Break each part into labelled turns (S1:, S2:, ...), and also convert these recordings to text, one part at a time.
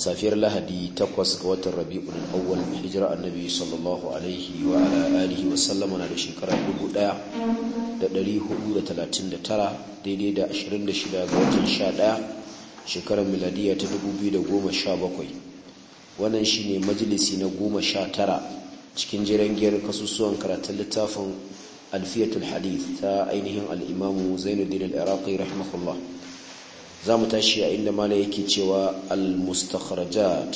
S1: safiyar lahadi takwas ga watan rabi'ul awwal hijira annabi sallallahu alaihi wa ala alihi wa sallama na da shekara 1439 daidai da 26 ga watan 11 shekarar miladiya ta 2017 wannan shine majalisi na 19 cikin jirangiyar kasusuwan karatun littafin alfiyatul hadith ta ainihin al'imamu imamu zainuddin al-iraqi rahimahullah za mu tashi a inda mala yake cewa al-mustakhrajat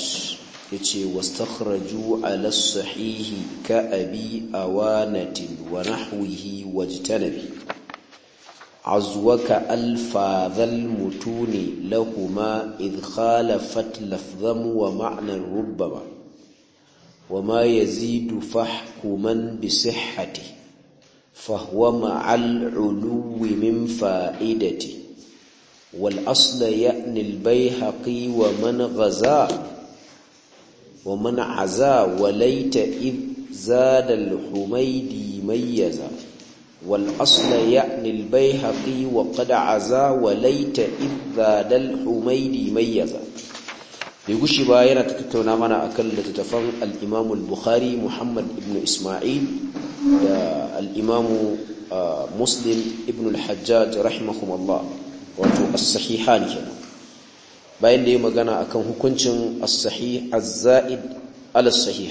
S1: yace wastakhraju ala sahihi ka abi awanatin wa nahwihi wajtanabi azwaka alfadhal mutuni lahuma idh khalafat lafdham wa ma'na rubbama وما يزيد فحكما بصحته فهو مع العلو min fa'idati. wal asla ya'ni al wa man ghaza wa man aza wa laita id zada wal asla ya'ni al bayhaqi wa qad aza wa laita id zada al humaydi mayyaza bai gushi ba yana tattauna mana akan littattafan al bukhari Muhammad ibn Isma'il da al ah, Muslim ibn rahimahumullah wato as-sahihan kenan bayan da ya magana akan hukuncin as-sahih az-zaid ala sai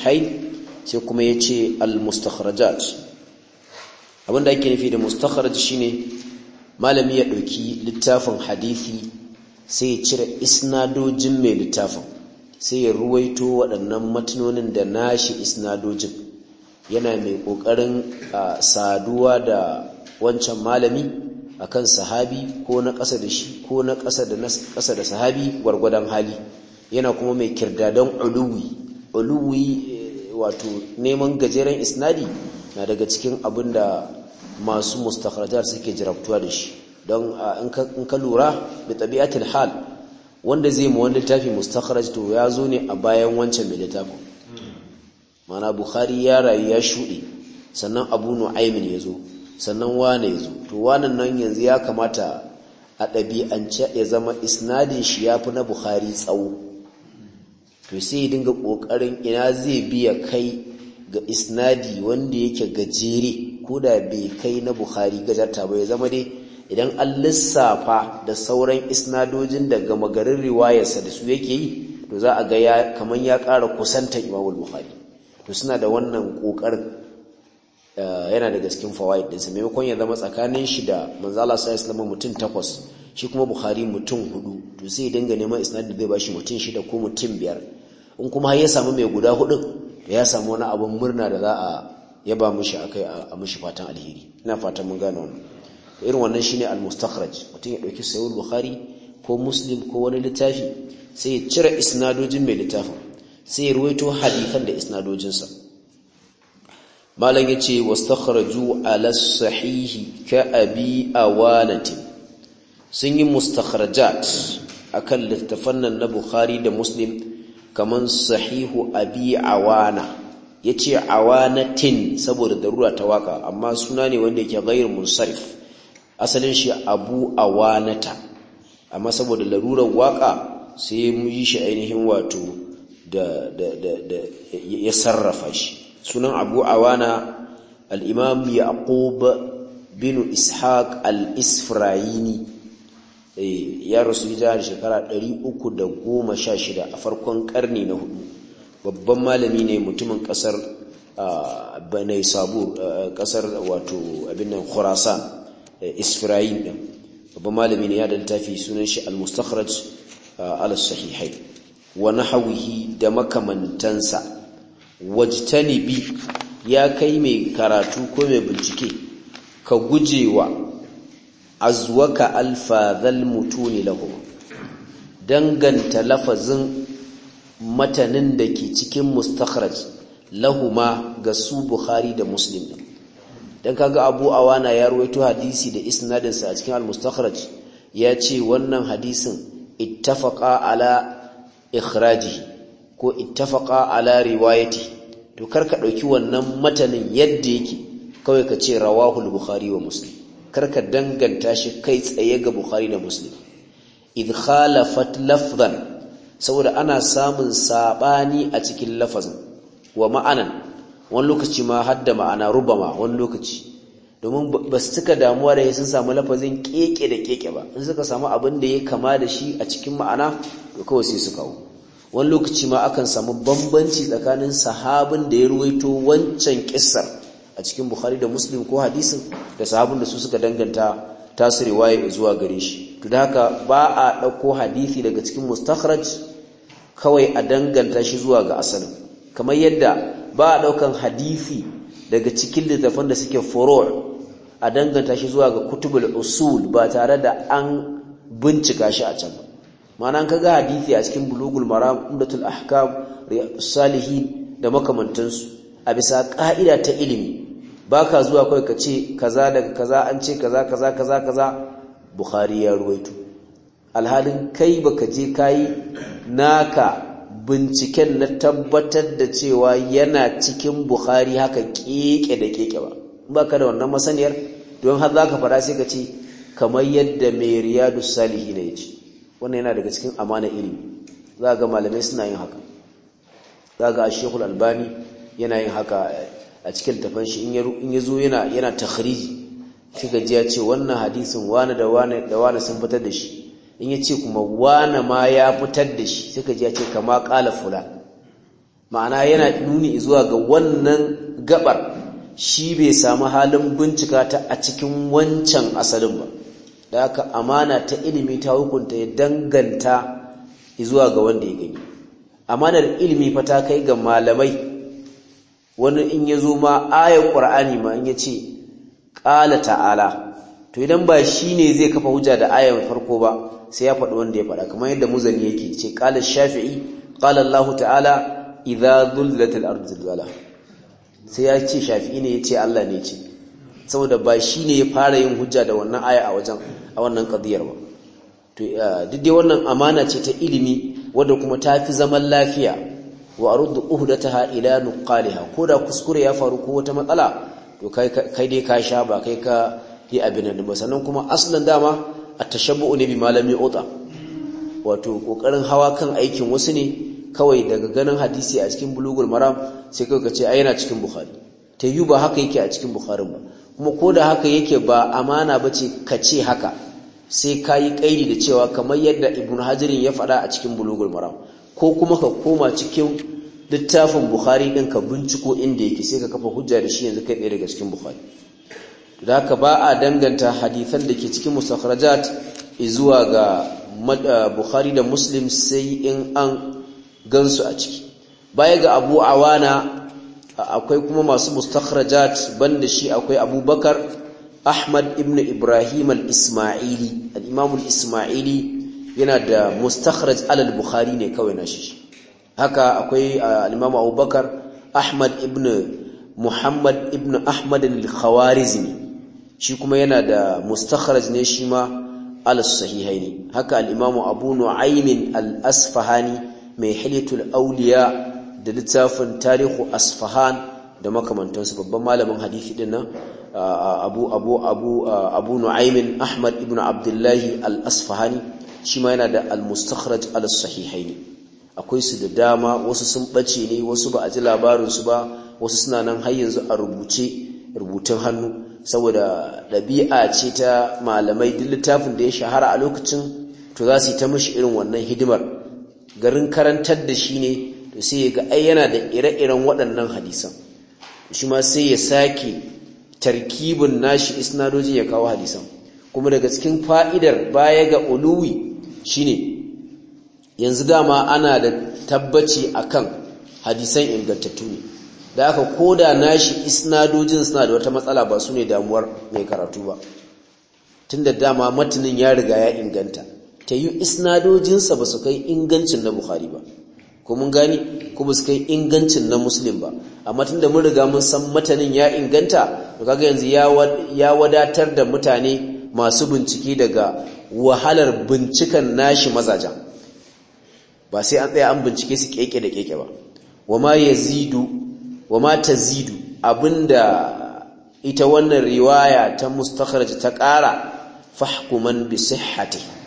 S1: kuma yace al-mustakhrajat abinda ake nufi da mustakhraj shine malami ya dauki littafin hadisi sai ya cire isnadojin mai littafin sai ya ruwaito waɗannan matanonin da nashi isnadojin yana mai ƙoƙarin saduwa da wancan malami akan sahabi ko na ƙasa da shi ko na ƙasa da ƙasa da sahabi gwargwadon hali yana kuma mai kirdadan uluwi uluwi eh, wato neman gajeren isnadi na daga cikin abin da masu mustakharajar suke jirabtuwa da shi don in ka lura da tabi'atul hal wanda zai mu wani littafi mustakharaj to ya zo ne a bayan wancan mai littafin mana hmm. bukhari ya rayu ya shuɗe sannan abu nu'aymin ya zo sannan wane ya to wanan nan yanzu ya kamata a ɗabi'ance ya zama isnadin shi ya fi na buhari tsawo to sai ya dinga ƙoƙarin ina zai biya kai ga isnadi wanda yake gajere ko da bai kai na buhari gajarta ba ya zama dai idan an lissafa da sauran isnadojin daga magarin riwayarsa da su yake yi to za a ga kamar ya ƙara kusanta, imamul buhari to suna da wannan ƙoƙarin Eh, yana da cikin fawaid ɗinsa maimakon ya zama tsakanin shi da manzala sa islamu mutum takwas shi kuma bukhari mutum hudu to sai dinga neman da zai bashi mutum shida ko mutum biyar in kuma har ya samu mai guda hudu da ya samu wani abun murna da za a yaba mishi akai a mishi fatan alheri ina fatan mun gane wannan irin wannan shine al-mustakhraj mutum ya dauki sahih bukhari ko muslim ko wani littafi sai ya cire isnadojin mai littafin sai ya ruwaito hadisan da isnadojinsa malam yace wastakhraju ala sahihi ka abi awanati sun yi mustakhrajat akan littafan nan na bukhari da muslim kamar sahihu abi awana yace awanatin saboda darura ta waka amma suna ne wanda yake ghairu munsarif asalin shi abu awanata amma saboda larurar waka sai mu yi shi ainihin wato da ya sarrafa shi sunan abu awana al'imam yaqub bin ishaq al-isfrayini eh, ya rasu hijira da shekara 316 a farkon karni na hudu babban malami ne mutumin kasar banai sabu kasar wato abin nan khurasan eh, isfirayin din babban malami ne ya da littafi sunan shi al-mustakhraj al-sahihai wa nahwihi da makamantansa wajtanibi ya kai mai karatu ko mai bincike ka guje gujewa azwaka alfazal mutuni lahu danganta lafazin matanin da ke cikin mustakhraj lahuma ga su bukhari da muslim dan kaga abu awana ya ruwaito hadisi da isnadinsa a cikin al-mustakhraj ya ce wannan hadisin ittafaqa ala ikhraji ko ittafaqa ala riwayati to kar ka dauki wannan matanin yadda yake kawai ka ce rawahu al-bukhari wa muslim kar ka danganta shi kai tsaye ga bukhari da muslim id khalafat lafzan saboda ana samun sabani a cikin lafazin wa ma'anan wani lokaci ma hadda ma'ana rubama wani lokaci domin ba su suka damuwa da sun samu lafazin keke da keke ba in suka samu abin da ya kama da shi a cikin ma'ana to kawai sai su kawo wani lokaci ma akan samu bambanci tsakanin sahabin da ya ruwaito wancan kissar a cikin bukhari da muslim ko hadisin da sahabin da su suka danganta tasu riwaya zuwa gare shi to da haka ba a ɗauko hadisi daga cikin mustakhraj kawai a danganta shi zuwa ga asalin kamar yadda ba a ɗaukan hadisi daga cikin littattafan da suke furor a danganta shi zuwa ga kutubul usul ba tare da an bincika shi a can ba ma'ana ka ga hadisi a cikin bulugul maram umdatul ahkam salihin da makamantansu a bisa ka'ida ta ilimi baka zuwa kai ka ce kaza daga kaza an ce kaza kaza kaza kaza bukhari ya ruwaito alhalin kai baka je kai naka binciken na tabbatar da cewa yana cikin bukhari haka keke da keke ba baka da wannan masaniyar don har zaka fara sai ka ce kamar yadda mai riyadus salihin ya ce wannan yana daga cikin amana ilimi za ga malamai suna yin haka za ga shekul albani yana yin haka a cikin tafan shi in ya zo yana yana takhriji shi gajiya ya ce wannan hadisin wane da wane da sun fitar da shi in ya ce kuma wane ma ya fitar da shi sai gajiya ya ce kama kala fula ma'ana yana nuni zuwa ga wannan gabar shi bai samu halin bincika ta a cikin wancan asalin ba da aka amana ta ilimi ta hukunta ya danganta zuwa ga wanda ya gani amanar ilimi fa ta kai ga malamai wani in ya zo ma ayar ƙur'ani ma in ya ce ƙala ta'ala to idan ba shi ne zai kafa hujja da ayar farko ba sai ya faɗi wanda ya faɗa kamar yadda muzani yake ce ƙala shafi'i ƙala allah ta'ala idza dhullatil ardu zilzala sai ya ce shafi'i ne ya ce allah ne ce saboda ba shi ne ya fara yin hujja da wannan aya a wajen a wannan qadiyar ba to duk wannan amana ce ta ilimi wadda kuma ta fi zaman lafiya wa ta uhdataha ila ko da kuskure ya faru ko wata matsala to kai kai dai ka sha ba kai ka yi abin nan ba sannan kuma aslan dama a tashabbu ne bi malami ota. wato kokarin hawa kan aikin wasu ne kawai daga ganin hadisi a cikin bulugul maram sai kawai ka ce ai yana cikin bukhari ta yi ba haka yake a cikin bukharin ba kuma ko da haka yake ba amana ba ce ka ce haka sai ka yi ƙairi da cewa kamar yadda ibn hajirin ya faɗa a cikin bulugul maram ko kuma ka koma cikin littafin bukhari ɗin ka binciko inda yake sai ka kafa hujja da shi yanzu kai ɗaya daga cikin bukhari da haka ba a danganta hadisan da ke cikin musakharajat zuwa ga eh, bukhari da muslim sai in an gansu a ciki baya ga abu awana akwai kuma masu mustakhrajat banda shi akwai abubakar ahmad ibn ibrahim al-isma'ili al-imam al-isma'ili yana da mustakhraj alal bukhari ne kawai na haka akwai al-imam abubakar ahmad ibn muhammad ibn ahmad al-khawarizmi shi kuma yana da mustakhraj ne shi ma al-sahihaini haka al-imam abu nu'aym al-asfahani mai hilyatul awliya da littafin tarihu asfahan da makamantansu babban malamin hadisi din nan abu abu abu abu nu'aymin ahmad ibn abdullahi al-asfahani shi ma yana da al-mustakhraj al-sahihain akwai su da dama wasu sun bace ne wasu ba a ji labarin su ba wasu suna nan har yanzu a rubuce rubutun hannu saboda ɗabi'a ce ta malamai duk littafin da ya shahara a lokacin to za su yi ta mishi irin wannan hidimar garin karantar da shi ne to sai ya ga ai yana da ire-iren waɗannan hadisan shi ma sai ya sake tarkibin nashi isnadojin ya kawo hadisan kuma daga cikin fa'idar baya ga uluwi shine yanzu dama ana da tabbaci akan hadisan ingantattu ne da aka koda nashi isnadojin suna da wata matsala ba su ne damuwar mai karatu ba tunda dama matanin ya riga ya inganta ta yi isnadojinsa ba su kai ingancin na buhari ba ko mun gani ko ba kai ingancin na muslim ba amma tunda mun riga mun san matanin ya inganta to kaga yanzu ya wadatar da mutane masu bincike daga wahalar bincikan nashi mazajan. ba sai an tsaya an bincike su keke da keke ba wama yazidu wama tazidu abinda ita wannan riwaya ta mustakhraj ta ƙara fahkuman bi sihhatihi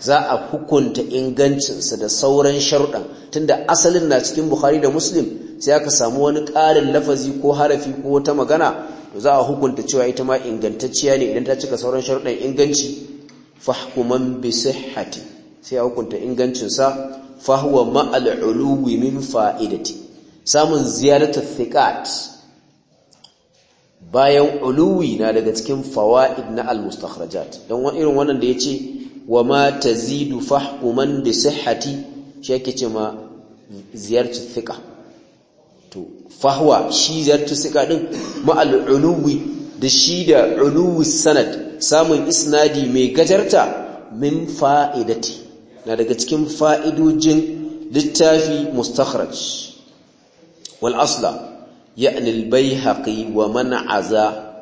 S1: za a hukunta ingancinsa da sauran sharuɗan tunda asalin na cikin buhari da muslim sai aka samu wani ƙarin lafazi ko harafi ko wata magana to za a hukunta cewa ita ma ingantacciya ne idan ta cika sauran sharuɗan inganci fahkuman bi hati, sai a hukunta ingancinsa fahuwa ma'al uluwi min fa'idati samun ziyarata thiqat bayan uluwi na daga cikin fawaid na al-mustakhrajat don irin wannan da ce. wa ma tazidu fahkuman bi sihhati shi yake ce ma ziyartu thiqa to fahwa shi ziyartu thiqa din ma al da shi da uluwi sanad samun isnadi mai gajarta min fa'idati na daga cikin fa'idojin littafi mustakhraj wal asla ya'ni al wa man'aza aza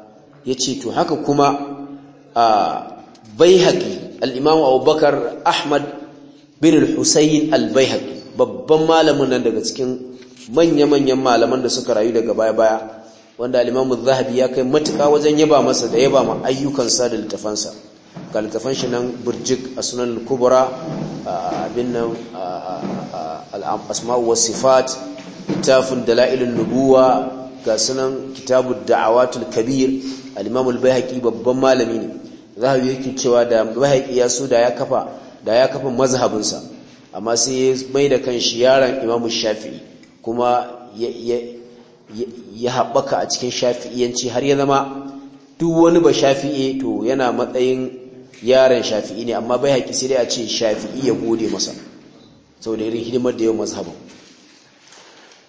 S1: yace to haka kuma a baihaqi al abubakar ahmad bin al-husayn al babban malamin nan daga cikin manya-manyan malaman da suka rayu daga baya-baya wanda al'imamu zahabi ya kai matuka wajen yaba masa da yaba ma ayyukansa da littafansa ga littafan shi nan burjik a sunan Kubura kubra abin nan asmau was-sifat littafin dalailun nubuwa ga sunan kitabu da'awatul kabir al'imamu imam al babban malami ne a yake cewa da mahaiki ya su da ya kafa da ya kafa mazhabinsa amma sai ya mai da kan shi yaron imamu shafi'i kuma ya haɓaka a cikin shafi'iyanci har ya zama duk wani ba shafi'i to yana matsayin yaron shafi'i ne amma bai haƙi sai dai a ce shafi'i ya gode masa sau da irin hidimar da yau mazhabin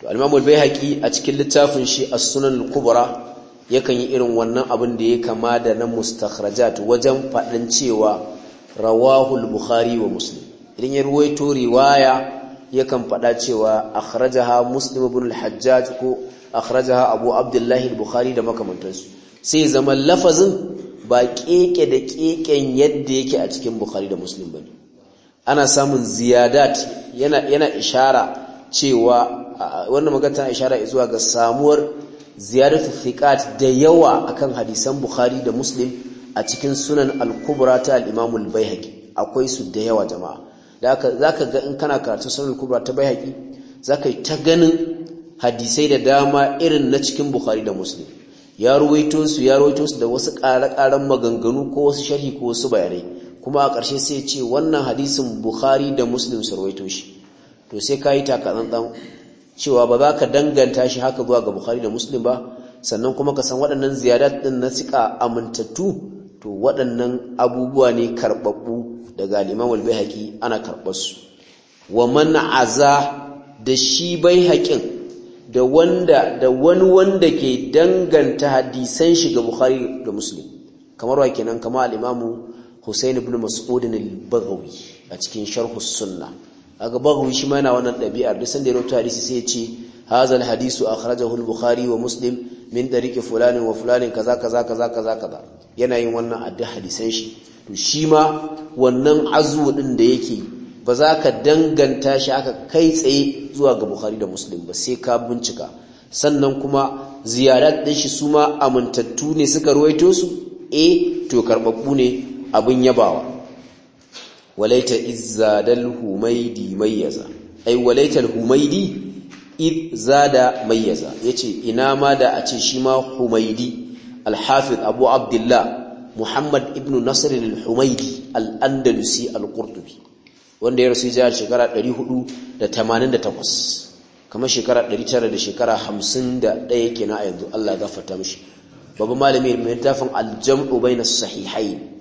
S1: to al bai haƙi a cikin littafin shi a sunan kubra yakan yi irin wannan abin da ya kama da na mustakhrajat wajen faɗin cewa rawahul bukhari wa muslim idan ya ruwaito riwaya yakan faɗa cewa akhrajaha muslim ibn al-hajjaj ko akhrajaha abu abdullah al-bukhari da makamantansu sai zama lafazin ba keke da keken yadda yake a cikin bukhari da muslim bane ana samun ziyadat yana yana ishara cewa wannan magana ta ishara zuwa ga samuwar ziyaratu thiqat da yawa akan hadisan bukhari da muslim a cikin sunan al-kubra ta al-imam al-baihaqi akwai su da yawa jama'a zaka zaka ga in kana karatu sunan al-kubra ta baihaqi zaka ta ganin hadisai da dama irin na cikin bukhari da muslim ya ruwaito su ya ruwaito su da wasu ƙare ƙaran maganganu ko wasu sharhi ko wasu bayanai kuma a ƙarshe sai ce wannan hadisin bukhari da muslim su ruwaito shi to sai ka yi takatsantsan cewa ba za ka danganta shi haka zuwa ga bukhari da muslim ba sannan kuma ka san waɗannan ziyadat ɗin na siƙa amintattu to waɗannan abubuwa ne karɓaɓɓu daga liman walbai haƙi ana karɓarsu wa man aza da shi bai haƙin da wanda da wani wanda ke danganta hadisan shi ga bukhari da muslim kamar wa kenan kama al-imamu husain ibn mas'ud al a cikin sharh sunna a gaban shi ma yana wannan ɗabi'ar duk sanda ya rawaito hadisi sai ya ce hazal hadisu akhrajahu al-bukhari wa muslim min tariqi fulani wa fulani kaza kaza kaza kaza kaza yana yin wannan addu hadisan shi to shi ma wannan azwu din da yake ba za ka danganta shi aka kai tsaye zuwa ga bukhari da muslim ba sai ka bincika sannan kuma ziyarat din shi su ma amintattu ne suka ruwaito su eh to karbabbu ne abin yabawa walaita izzadal humaidi mayyaza ai walaital humaidi izzada mayyaza yace ina ma da a ce shi ma humaidi al abu abdullah muhammad ibn nasr al-humaidi al-andalusi al wanda ya rasu jihar shekara 488 kamar shekara 900 da shekara 51 kenan a yanzu Allah ya gafarta mishi babu malami mai tafin aljam'u jamu bainas sahihain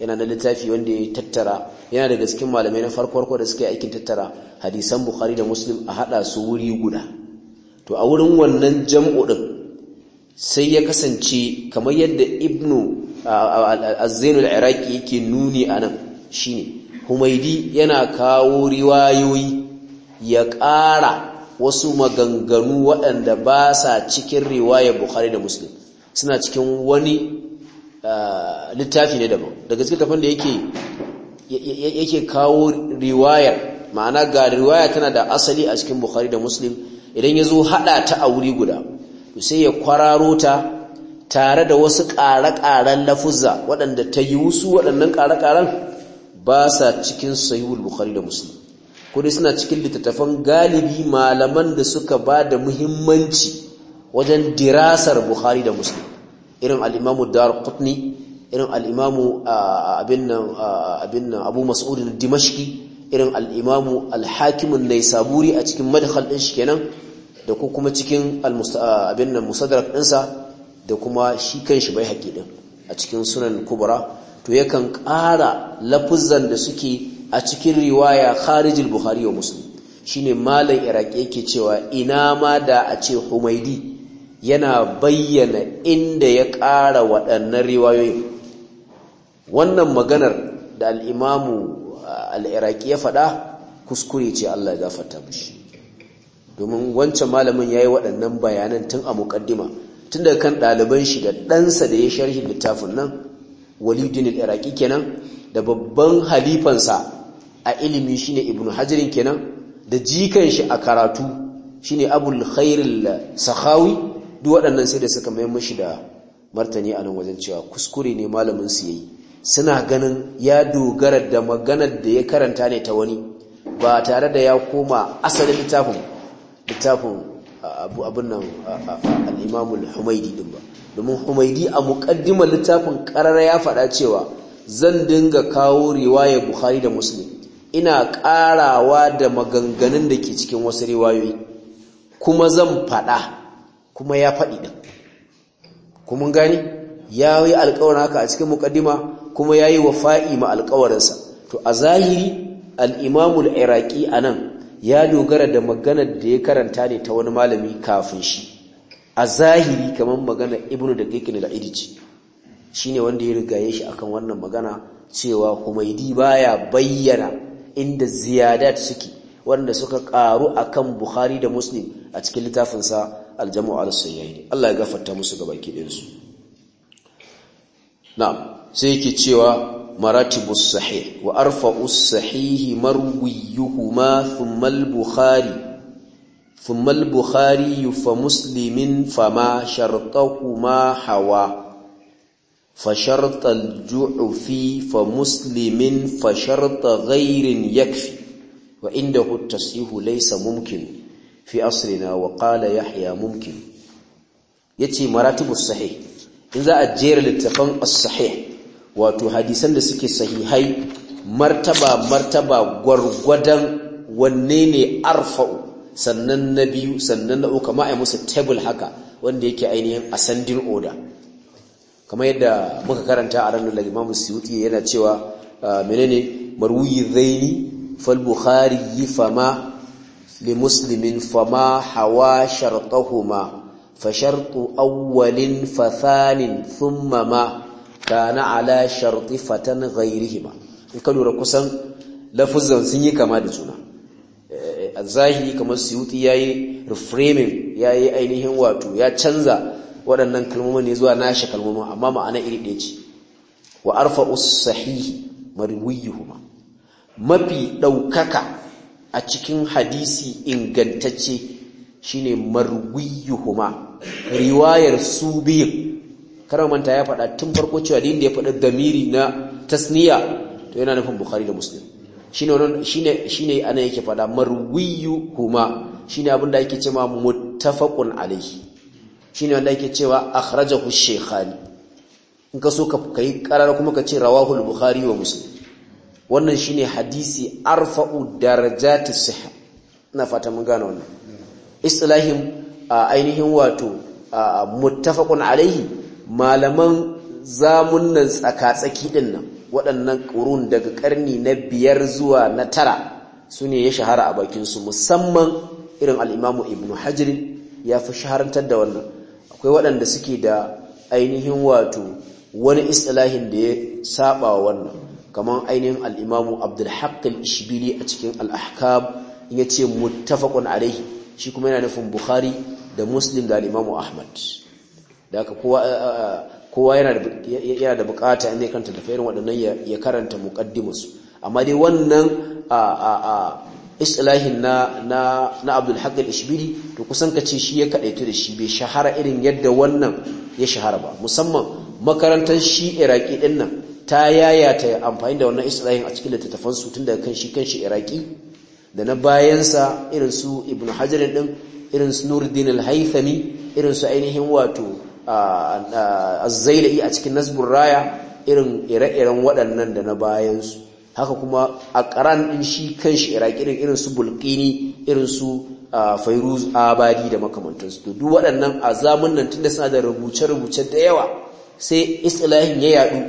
S1: yana da littafi wanda ya tattara yana daga cikin malamai na farko farko da suka yi aikin tattara hadisan bukhari da muslim a hada su wuri guda to a wurin wannan jam'u din sai ya kasance kamar yadda ibnu az-zainul iraqi yake nuni anan shine humaidi yana kawo riwayoyi ya ƙara wasu maganganu waɗanda ba sa cikin riwayar bukhari da muslim suna cikin wani littafi ne daban da cikin tafan da yake yake kawo riwayar ma'ana ga riwaya tana da asali a cikin bukhari da muslim idan ya zo haɗa ta a wuri guda to sai ya kwararo ta tare da wasu ƙare-ƙaren lafuzza waɗanda ta yi wusu waɗannan ƙare-ƙaren ba sa cikin sahihul bukhari da muslim kudi suna cikin littattafan galibi malaman da suka ba da muhimmanci wajen dirasar bukhari da muslim irin al'imamu dar kutni irin al'imamu abin nan abu mas'udin dimashki irin al'imamu alhakimun na buri a cikin madhal ɗin shi kenan da ku kuma cikin abin nan musadarar ɗinsa da kuma shi kan shi bai haƙi ɗin a cikin sunan kubra to yakan ƙara lafuzan da suke a cikin riwaya kharijil buhari wa muslim shine malam iraki yake cewa ina ma da a ce humaidi yana bayyana inda ya ƙara waɗannan riwayoyin wannan maganar da al'imamu uh, al'iraki ya faɗa kuskure ce Allah ya mu mashi domin wancan malamin ya yi waɗannan bayanan tun a muƙaddima tun daga kan ɗaliban shi da ɗansa da ya sharhi littafin nan walidin al'iraki kenan da babban halifansa a ilimi shi ne Ibn hajjirin kenan da jikan shi a karatu shi ne abul khairun sahawi duk waɗannan sai da suka maimashi mashi da martani a nan wajen cewa kuskure ne malamin su yayi suna ganin ya dogara da maganar da ya karanta ne ta wani ba tare da ya koma asalin littafin littafin abin nan al humaidi din ba domin Humaidi a muqaddimar littafin karara ya faɗa cewa zan dinga kawo riwayar buhari da Muslim ina ƙarawa da maganganun da ke cikin wasu riwayoyi kuma zan faɗa kuma ya faɗi din kuma gani ya yi alƙawarin haka a cikin mukaddima kuma ya yi wafa'i ma alkawarinsa to a zahiri al'imamul iraki a nan ya dogara da maganar da ya karanta ne ta wani malami kafin shi a zahiri kamar magana ibnu da gikin da idici shi ne wanda ya rigaye shi akan wannan magana cewa humaidi baya bayyana inda ziyadat suke wanda suka karu akan bukhari da muslim a cikin littafinsa al sayyayi Allah ya gafarta musu gabaki ɗinsu Na. sai ki cewa maratibus sahih wa arfa'us sahih marwiyuhuma thumma al-bukhari thumma al-bukhari fa muslimin fama sharqahuma hawa fa shart al-ju'u fi fa muslimin fa shart ghayrin yakfi wa indahu at-tasihu laysa mumkin fi asrina wa qala yahya mumkin yace maratibus sahih in za a jera littafin as wato hadisan da suke sahihai martaba martaba gwargwadon wanne ne arfa'u sannan na biyu sannan na uku ma'a musu tebul haka wanda yake ainihin ascending oda. kamar yadda muka karanta a ranar musu yuti yana cewa ah, menene maruyi zaini fal bukhari yi fama li muslimin fama hawa sharqahuma fa sharqu awwalin fa thumma ma kana ala sharti fatan ghairihima in ka lura kusan lafuzan sun yi kama da juna eh, a zahiri kamar suyuti ya yi reframing ya yi ainihin wato ya canza waɗannan kalmomin ne zuwa nashi kalmomin amma ma'ana iri ɗaya ce wa arfa sahihi marwiyuhuma mafi ɗaukaka a cikin hadisi ingantacce shine marwiyuhuma riwayar su biyun kar manta ya faɗa tun farko cewa din da ya faɗa damiri na tasniya to yana nufin bukhari da muslim shine ne shine shine ana yake faɗa marwiyu huma shine abin da yake cewa muttafaqun alaihi shine wanda ake cewa akhrajahu shaykhani in ka so ka kai karara kuma ka ce rawahu al-bukhari wa muslim wannan shine hadisi arfa'u darajati sihha ina fata mun gane wannan islahin ainihin wato muttafaqun alaihi malaman zamunan tsaka-tsaki din nan waɗannan ƙurun daga ƙarni na biyar zuwa na tara su ne ya shahara a bakinsu musamman irin al'imamu ibn hajjiri ya fi shaharantar da wannan akwai waɗanda suke da ainihin wato wani istilahin da ya saba wa wannan kamar ainihin al'imamu abdulhaqqin ishibili a cikin al’ahkab in ya ce mutafakon alaihi shi kuma yana nufin buhari da muslim da al'imamu ahmad da aka kowa yana da bukata inda ya karanta da irin waɗannan ya karanta muqaddimus amma dai wannan a islahin na na na Abdul Haqq al to kusan ka ce shi ya kadaitu da shi bai shahara irin yadda wannan ya shahara ba musamman makarantar shi Iraki din nan ta yayata amfani da wannan islahin a cikin littattafan su tun daga kan shi kan Iraki da na bayansa irin su Ibn Hajar din irin su Nuruddin al irin su ainihin wato azzailai a cikin nasbur raya irin ire-iren waɗannan da na bayansu haka kuma a ƙaran ɗin shi kan shi iraƙirin irin su bulƙini irin su fairuz abadi da makamantansu to waɗannan a zamunan tun da suna da rubuce-rubuce da yawa sai islahin ya yaɗu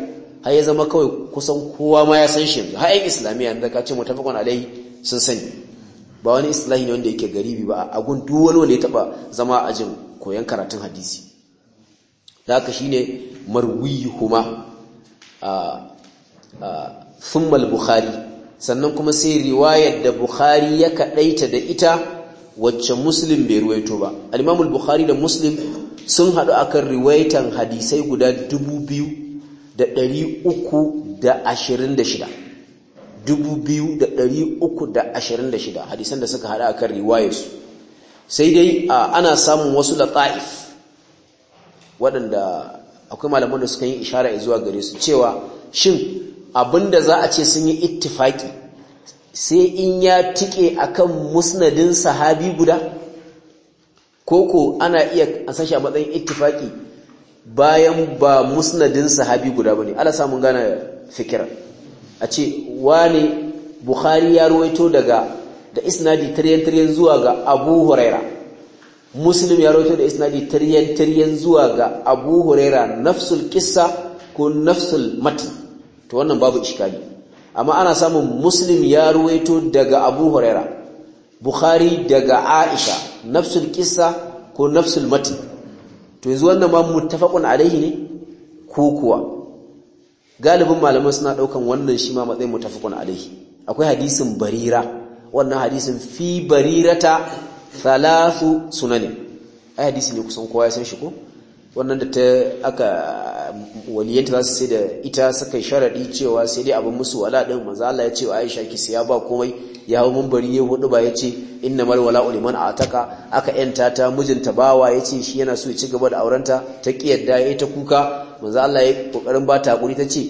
S1: har ya zama kawai kusan kowa ma ya san shi yanzu har islamiyya da ka ce mutafakon alai sun sani ba wani islahi ne wanda yake garibi ba a gun duk wani wanda ya taɓa zama a jin koyon karatun hadisi da haka shine marwiyuhuma a al-bukhari sannan kuma sai riwayar da bukhari ya kadaita da ita wacce muslim bai ruwaito ba al-imam bukhari da muslim sun hadu akan riwayatan hadisai guda 2326 2326 hadisan da suka hada akan riwayarsu sai dai ana samun wasu lata'if waɗanda akwai malaman da suka yi ishara zuwa gare su cewa shin abinda za a ce sun yi ittifaki sai in ya tike kan musnadin sahabi guda koko ana iya sashi a matsayin ittifaki bayan ba musnadin sahabi guda bane ala samun gane fikira a ce wane bukhari ya ruwaito daga da isnadi tiryan-tiryan zuwa ga abu huraira muslim ya rawaito da isnadi tiryan tiryan zuwa ga abu huraira nafsul kissa ko nafsul matan to wannan babu iskali amma ana samun muslim ya rawaito daga abu huraira bukhari daga aisha nafsul kissa ko nafsul matan to yanzu wannan ma muttafaqun alaihi ne ko kuwa galibin malaman suna daukan wannan shi ma matsayin muttafaqun alaihi akwai hadisin barira wannan hadisin fi barirata thalathu sunanin ai hadisi ne kusan kowa ya san shi ko wannan da ta aka waliyanta za su sai da ita saka sharadi cewa sai dai abin musu wala din manzo Allah ya ce wa Aisha ki siya ba komai ya hawo mambari ya hudu ba yace innamal wala uliman ataka aka yanta ta mijinta bawa yace shi yana so ya ci gaba da aurenta ta kiyarda yayi ta kuka manzo Allah ya kokarin ba ta hakuri tace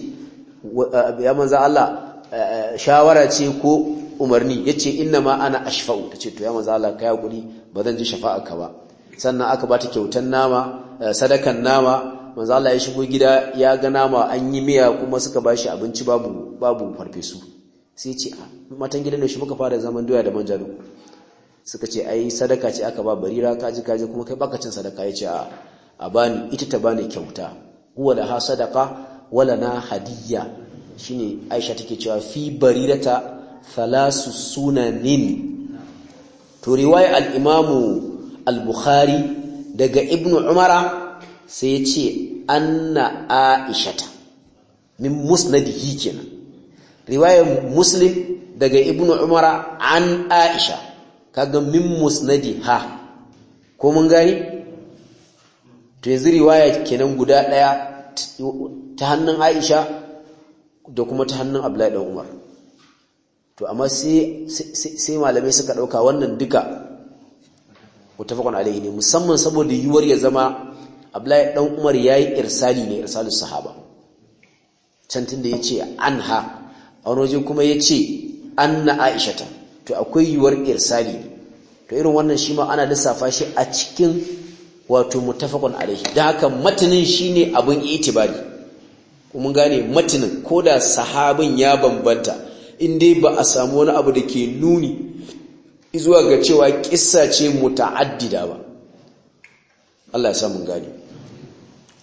S1: ya manzo Allah eh, eh, shawara ce ko umarni ya yace inna ma ana ashfa'u ce to ya maza Allah kai hakuri ba zan ji ka ba sannan aka ba ta kyautan nama eh, sadakan nama maza Allah ya shigo gida ya ga nama an yi miya kuma suka ba shi abinci babu farfesu sai ce ah, matan gidan da shi muka fara zaman doya da manja duk suka ce ai sadaka ce aka ba barira kaji kaji kuma kai baka cin sadaka yace a ah, a bani ita ta bani kyauta huwa ha sadaka wala na hadiyya shine Aisha take cewa fi barirata thalasu sunanin to riwaya al-imamu al-bukhari daga ibnu umara sai ya ce anna aishata min musnadihi kenan riwayar muslim daga ibnu umara an aisha kaga min musnadi ha, ko mun gani to yanzu riwaya kenan guda daya ta hannun aisha da kuma ta hannun abdullahi dan umar to amma sai malamai suka ɗauka wannan duka mutafakon alaihi ne musamman saboda yiwuwar ya zama abdullahi dan umar ya yi irsali ne irsalin sahaba can tunda yace anha a wani waje kuma ya ce yace anna aishata to akwai yiwuwar irsali ne to irin wannan shi ma ana lissafa shi a cikin wato mutafakon alaihi da haka matanin ne abin itibari kuma gane matanin da sahabin ya bambanta in dai ba a samu wani abu da ke nuni zuwa ga cewa kissa ce muta'addida ba Allah ya samu gani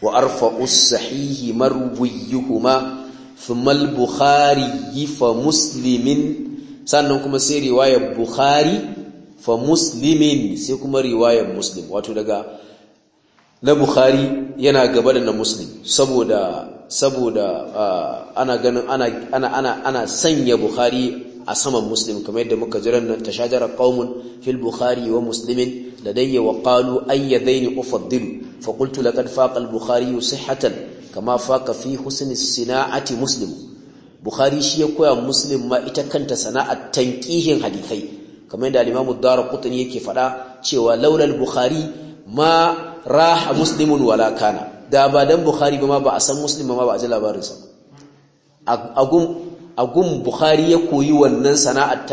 S1: wa arfa'u sahihi marwiyuhuma thumma al-bukhari fa muslimin sannan kuma sai riwayar bukhari fa muslimin sai kuma riwayar muslim wato daga na bukhari yana gaba da na muslim saboda saboda ana ganin ana sanya bukhari a saman muslim kamar yadda muka jiran nan tashajara qaumun fil bukhari wa muslimin ladayya wa qalu ayyadaini ufaddilu fa qultu laqad faqa al bukhari sihhatan kama faqa fi husn as sina'ati muslim bukhari shi ya koya muslim ma ita kanta sana'ar tanqihin hadithai kamar yadda al-imam ad-darqutni yake faɗa, cewa laulal bukhari ma raha muslimun wala kana da ba dan bukhari ba ma ba a san muslim ba ma ba a ji labarinsa a gun bukhari ya koyi wannan sana'ar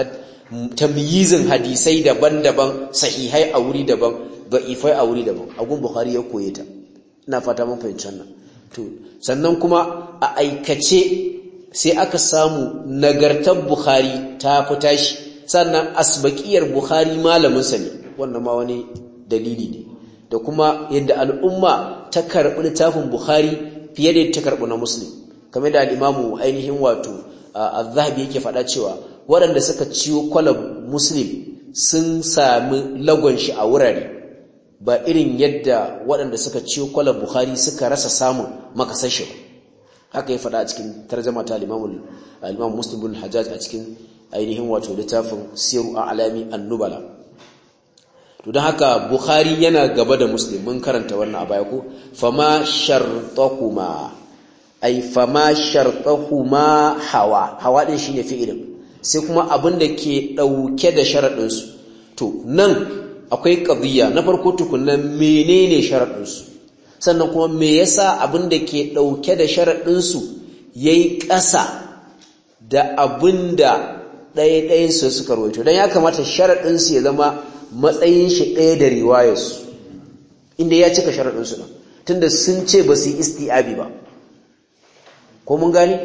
S1: tamyizin hadisai daban-daban sahihai a wuri daban ifai a wuri daban a gun bukhari ya koye ta ina fata mun fahimci wannan to sannan kuma a aikace sai aka samu nagartar bukhari ta fita tashi, sannan asbakiyar bukhari malaminsa ne wannan ma wani dalili ne da kuma yadda al'umma ta karɓi littafin bukhari fiye da ta karɓi na muslim kamar da al'imamu ainihin wato a zahabi yake faɗa cewa waɗanda suka ciwo kwalab muslim sun sami lagon shi a wurare ba irin yadda waɗanda suka ciwo kwalab bukhari suka rasa samun makasashe haka ya faɗa a cikin tarjama ta al'imamu muslim bin hajjaj a cikin ainihin wato littafin siru a alami annubala to don haka bukhari yana gaba da muslim mun karanta wannan a baya ko fama shartakuma ai fama shartakuma hawa hawa din shine fi'ilin sai kuma abin da ke ɗauke da sharaɗinsu to nan akwai ƙabiya na farko tukunna menene sharaɗinsu? sharaɗinsu sannan kuma me yasa abin da ke ɗauke da sharaɗinsu ya yi ƙasa da abin da ɗaya suka rawaito don ya kamata sharaɗinsu ya zama matsayin shi ɗaya da riwayarsu inda ya cika sharaɗinsu ɗin tunda sun ce ba su yi isti'abi ba ko mun gani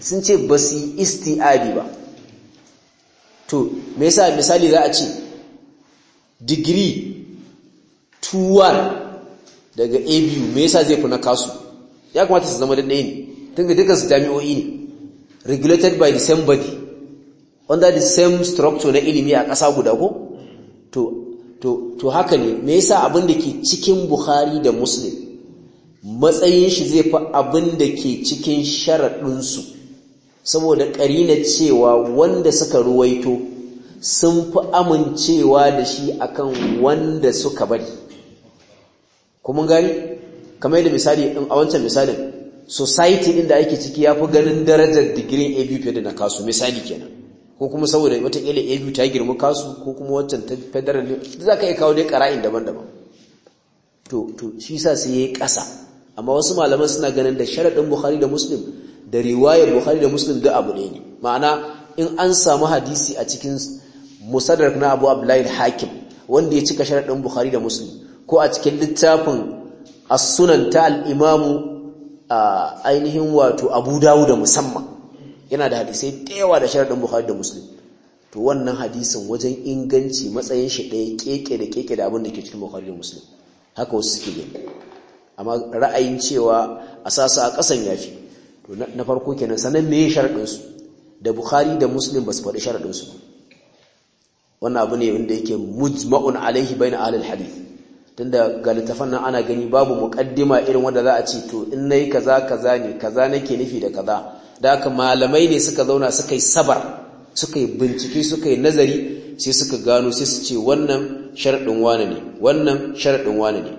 S1: sun ce ba su yi isti'abi ba to me yasa misali za a ce digiri 2-1 daga abu me yasa zai fi na kasu ya kamata su zama da ɗaya ne tun ga su jami'o'i ne regulated by the same body under the same structure na ilimi a ƙasa guda ko to haka ne me yasa abin ke cikin Bukhari da Muslim matsayin shi zai fi abinda ke cikin sharaɗinsu saboda ƙarina cewa wanda suka ruwaito sun fi amincewa da shi akan wanda suka bari kuma gani kamar yadda misali a wancan misalin society inda da ake ciki ya fi ganin darajar digirin ABP da na kasu misali kenan ko kuma saboda wata watakila abu ta girma kasu ko kuma wancan ta federal ne za ka iya kawo dai ƙara'in daban-daban to shi sa sai ya yi ƙasa amma wasu malaman suna ganin da sharaɗin buhari da muslim da riwayar buhari da muslim da abu ne ne ma'ana in an samu hadisi a cikin musadar na abu abdullahi hakim wanda ya cika sharaɗin buhari da muslim ko a cikin littafin as-sunan ta al-imamu ainihin wato abu dawud musamman yana da hadisai daya da sharadin bukhari da muslim to wannan hadisin wajen inganci matsayin shi ɗaya keke da keke da abin da ke cikin bukhari da muslim haka wasu suke yi amma ra'ayin cewa a sasa a ƙasan yafi to na farko kenan sanan me sharadin su da bukhari da muslim ba su faɗi sharadin su wannan abu ne wanda yake mujma'un alaihi na alal hadith tunda ga littafan nan ana gani babu muqaddima irin wanda za a ce to in na yi kaza kaza ne kaza nake nufi da kaza da haka malamai ne suka zauna suka yi sabar suka yi bincike suka yi nazari sai suka gano sai su ce wannan sharaɗin wane ne wannan sharaɗin wane ne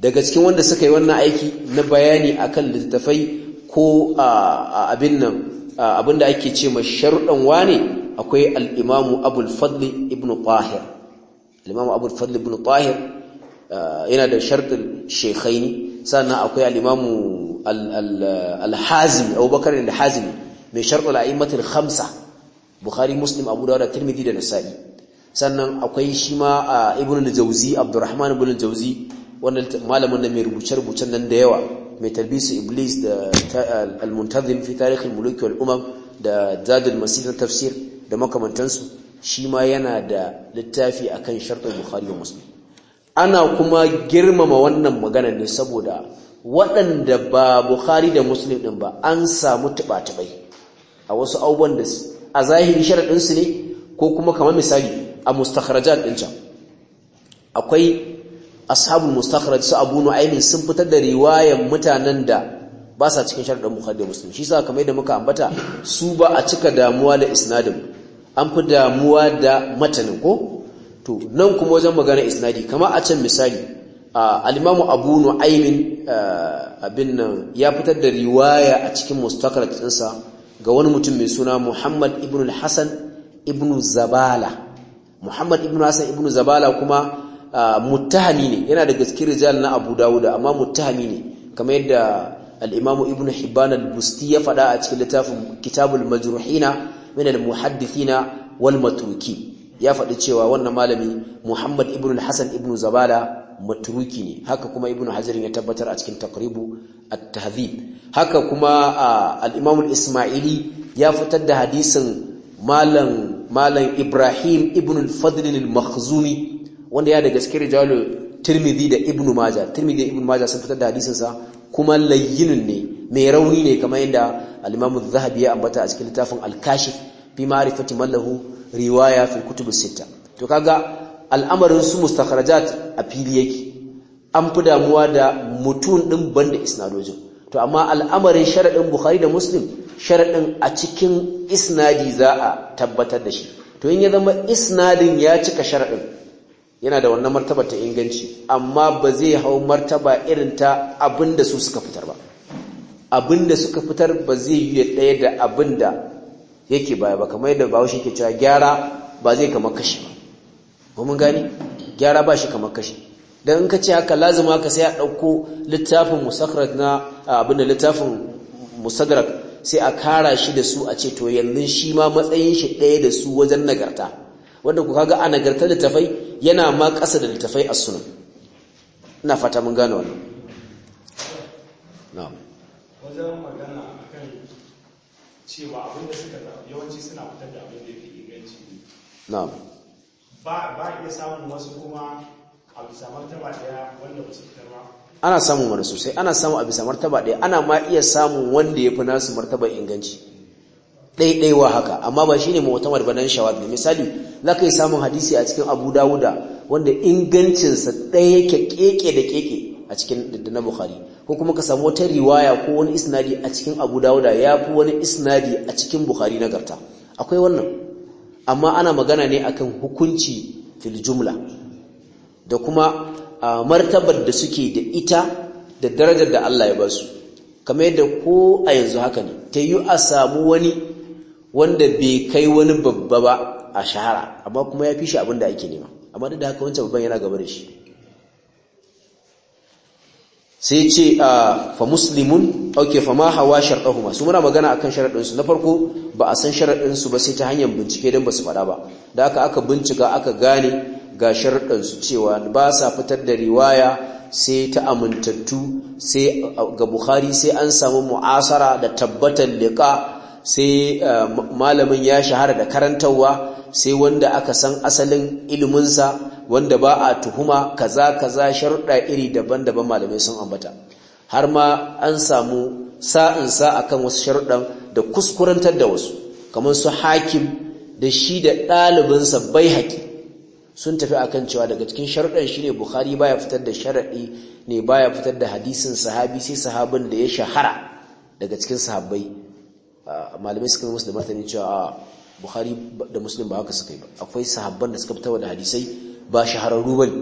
S1: daga cikin wanda suka yi wannan aiki na bayani a kan littattafai ko abin nan da ake ce ma sharaɗin wane akwai al'imamu abul fadli ibn tahir al'imamu abul fadli ibn tahir eh, yana da sharɗin shekhaini sannan akwai al'imamu al-hazimi abubakar da hazimi mai sharɗul a'immatul hamsa bukhari muslim abu dawud tirmidhi da nasa'i sannan akwai shi ma ibn al-jawzi abdurrahman ibn jawzi wannan malamin nan mai rubuce rubucen nan da yawa mai talbisu iblis da al-muntazim fi tarikh al-muluk wal umam da zad al-masih tafsir da makamantansu shi ma yana da littafi akan shartul bukhari wa muslim ana kuma girmama wannan magana ne saboda waɗanda ba bukhari da muslim ɗin ba an samu tuɓa-tuɓai a wasu abubuwan da a zahiri sharaɗinsu ne ko kuma kamar misali a mustakharajat ɗin can akwai ashabul mustakharaj su abu ainihin sun fitar da riwayan mutanen da ba sa cikin sharaɗin bukhari da muslim shi sa kamar yadda muka ambata su ba a cika damuwa da isnadin an fi damuwa da matanin ko to nan kuma wajen magana isnadi kamar a can misali al abu nu'aymin abin nan ya fitar da riwaya a cikin mustaqrat ɗinsa ga wani mutum mai suna Muhammad ibn al-Hasan ibn Zabala Muhammad ibn Hasan ibn Zabala kuma muttahami ne yana daga cikin rijal na Abu Dawud amma muttahami ne kamar yadda al-Imam Ibn Hibban al-Busti ya faɗa a cikin littafin Kitabul Majruhina min al-Muhaddithina wal Matruki ya faɗi cewa wannan malami Muhammad ibn al-Hasan ibn Zabala matruki ne haka kuma ibnu hajar ya tabbatar a cikin taqribu at-tahdhib haka kuma al-imam al-isma'ili ya fitar da hadisin malam malam ibrahim ibn al-fadl al-makhzumi wanda ya daga cikin rijalu tirmidhi da ibnu majah tirmidhi da ibnu majah sun fitar da hadisin sa kuma layyinun ne mai rauni ne kamar yadda al-imam zahabi ya ambata a cikin littafin al-kashif fi ma'rifati man lahu riwaya fi kutubus sittah to kaga al'amarin su mustakharajat a fili yake an fi damuwa da mutum din banda isnadojin to amma al'amarin sharadin bukhari da muslim sharadin a cikin isnadi za a tabbatar da shi to in ya zama isnadin ya cika sharadin yana da wannan martaba ta inganci amma ba zai hau martaba irin ta abinda su suka fitar ba abinda suka fitar ba zai yi ɗaya da abinda yake baya ba kamar yadda bawo shi ke cewa gyara ba zai kama kashi ba ko mun gani gyara ba shi kamar kashi don in ka ce haka lazima ka sai a dauko littafin musakrat na abin da littafin musadrak sai a kara shi da su a ce to yanzu shi ma matsayin shi ɗaya da su wajen nagarta wanda ku kaga a nagartar littafai yana ma ƙasa da littafai a sunan ina fata mun gane wannan wajen magana akan cewa da suka yawanci suna fitar da abin da yake inganci na'am ba ba iya samun ana samun wani sosai ana samun a bisa martaba ɗaya ana ma iya samun wanda ya fi nasu martaba inganci ɗaiɗaiwa haka amma ba shine mu'tamar banan shawad ne misali za ka yi samun hadisi a cikin abu dawuda wanda ingancinsa ɗaya yake keke da keke a cikin da na bukhari ko kuma ka samu wata riwaya ko wani isnadi a cikin abu dawuda ya fi wani isnadi a cikin bukhari nagarta akwai wannan amma ana magana ne akan hukunci fil jumla da kuma martabar da suke da ita da darajar da Allah ya basu kamar yadda ko a yanzu haka ne ta yi a samu wani wanda bai kai wani babba ba a shahara amma kuma ya fi shi abin da ake nema amma duk da haka wancan babban yana gaba da shi sai ce a fa muslimun ok fa ma hawa sharɗahuma su muna magana akan sharaɗinsu na farko ba a san sharaɗinsu ba sai ta hanyar bincike don ba su faɗa ba da aka aka bincika aka gane ga sharaɗinsu cewa ba sa fitar da riwaya sai ta amintattu sai ga bukhari sai an samu mu'asara da tabbatar liƙa sai malamin ya shahara da karantarwa sai wanda aka san asalin iliminsa wanda ba a tuhuma kaza kaza sharuɗa iri daban-daban malamai sun ambata har ma an samu sa'in sa akan wasu sharuɗan da kuskurantar da wasu kamar su hakim da shi da ɗalibinsa bai haƙi sun tafi akan cewa daga cikin sharuɗan shi ne bukhari baya fitar da sharaɗi ne baya fitar da hadisin sahabi sai sahabin da ya shahara daga cikin sahabbai malamai suka musu da martani cewa bukhari da muslim ba haka suka yi ba akwai sahabban da suka fitar da hadisai ba shahararru bane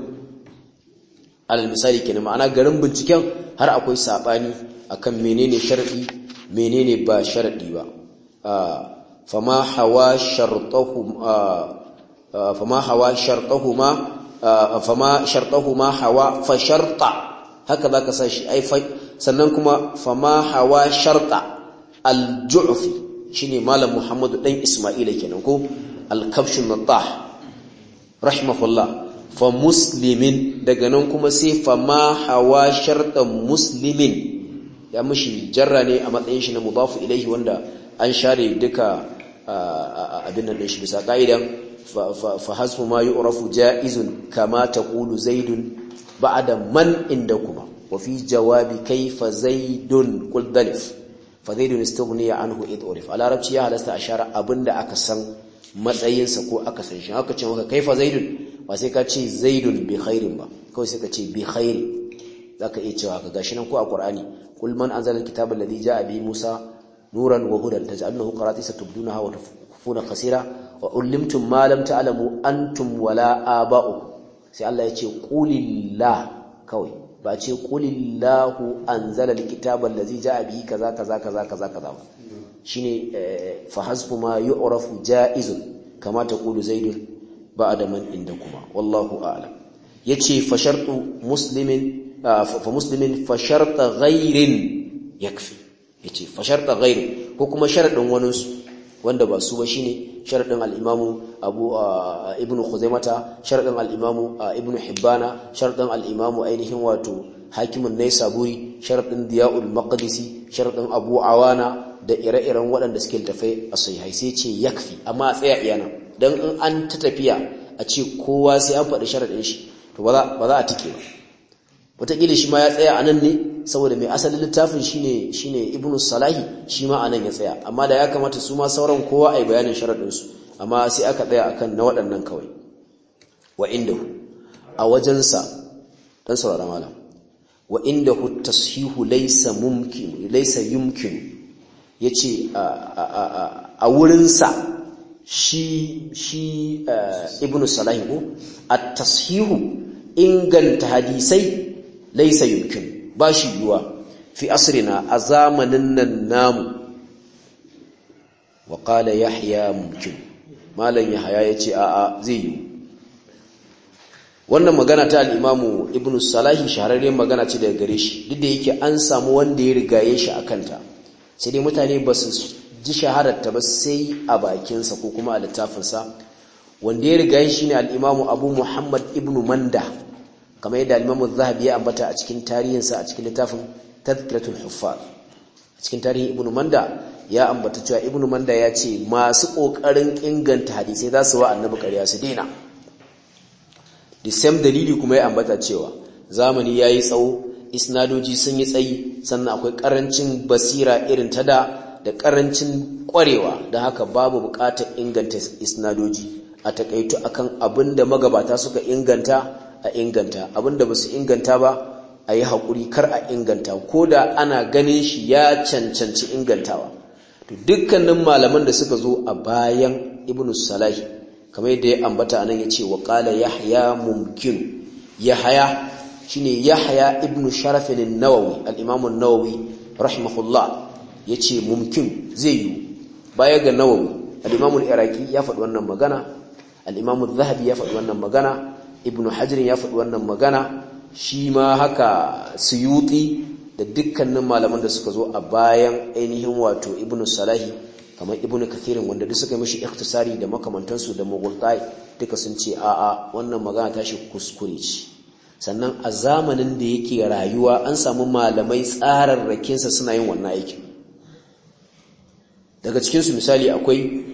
S1: alal misali kenan ma'ana garin binciken har akwai sabani akan menene sharadi menene ba sharadi ba fama hawa shartahum fama hawa shartahuma fama shartahuma hawa fa sharta haka zaka sa ai ai sannan kuma fama hawa sharta al-ju'fi shine malam Muhammadu dan Isma'ila kenan ko al-kabshun natah rahimahullah fa muslimin daga nan kuma sai fa ma hawa shartan muslimin ya mushi jarra ne a matsayin shi na mudafu ilaihi wanda an share duka abin nan shi bisa ka'idan fa hasfu ma yu'rafu ja'izun kama taqulu zaidun ba'da man indakuma wa fi jawabi kayfa zaidun qul dalif fa zaidun istughniya anhu id urif a larabci ya halasta a shara abinda aka san matsayinsa ko aka san shi aka ce maka kaifa zaidun ba sai ka ce zaidun bi khairin ba kawai sai ka ce bi khairi zaka iya cewa ka gashi nan ko a qur'ani kul man anzala alkitaba alladhi ja'a bi musa nuran wa hudan taj'aluhu qaratisa tubdunaha wa tufuna qasira wa ullimtum ma lam ta'lamu antum wala abau sai Allah ya ce qulillah kawai ba ce qulillahu anzala alkitaba alladhi ja'a bi kaza kaza kaza kaza kaza shine eh, fa hasbu ma yu'rafu ja'izun kama taqulu zaidun ba'da man kuma wallahu a'lam yace fa shartu muslimin ah, fa muslimin fa sharta ghairin yakfi yace fa sharta ghairin ko kuma sharadin waninsu wanda ba su ba shine sharadin al-imamu abu ah, ibnu khuzaimata sharadin al-imamu ah, ibnu hibbana sharadin al-imamu ainihin wato hakimin naysaburi sharadin diya'ul maqdisi sharadin abu awana da ire-iren waɗanda suke tafe a sai sai ce yakfi amma a tsaya iyana don in an ta tafiya a ce kowa sai an faɗi sharaɗin shi to ba za a tike ba wataƙila shi ma ya tsaya a nan ne saboda mai asalin littafin shine ne ibnu salahi shi ma a nan ya tsaya amma da ya kamata su ma sauran kowa a yi bayanin sharaɗinsu amma sai aka tsaya akan na waɗannan kawai wa inda a wajensa dan sauraron malam wa inda tashihu laisa mumkin yumkin ya ce a wurinsa shi eh, ibn salahu a tashihu inganta hadisai laisa yukin ba shi yiwuwa fi asrina a zamanin nan namu wa haya yahya mumkin malam Yahaya yace a a zai yi wannan magana ta alimamu imamu salahi shahararren magana ce daga gare shi duk da yake an samu wanda ya rigaye shi a kanta. sai dai mutane ba su ji ta ba sai a bakinsa ko kuma a littafinsa wanda ya riga shi ne al'imamu abu muhammad ibn manda kamar yadda al'imamu zahabi ya ambata a cikin tarihinsa a cikin littafin tattalin huffaz a cikin tarihin ibn manda ya ambata cewa ibn manda ya ce masu ƙoƙarin inganta hadisai za su wa annabi ƙarya su daina the same dalili kuma ya ambata cewa zamani ya yi tsawo isnadoji sun yi tsayi sannan akwai ƙarancin basira irin ta da da karancin ƙwarewa. Da haka babu bukatar inganta isnadoji a takaitu akan abin da magabata suka inganta a inganta abin da ba su inganta ba a yi haƙuri kar a inganta ko da ana ganin shi ya cancanci ingantawa to dukkanin malaman da suka zo a bayan ibnu salahi kamar yadda ya ambata nan ya ce wa ƙala yahya mumkin yahaya shine yahya ibn sharaf al nawawi al-imam an-nawawi rahimahullah yace mumkin zai yi baya ga nawawi al-imam al-iraqi ya faɗi wannan magana al-imam adh-dhahabi ya faɗi wannan magana ibn hajar ya faɗi wannan magana shi ma haka suyuti da dukkanin malaman da suka zo a bayan ainihin wato ibn salahi kamar ibn Kathir wanda duk suka mishi ikhtisari da makamantansu da mughultai duka sun ce a'a wannan magana tashi kuskure ce sannan a zamanin da yake rayuwa an samu malamai tsararrakinsa suna yin wannan aikin daga cikinsu misali akwai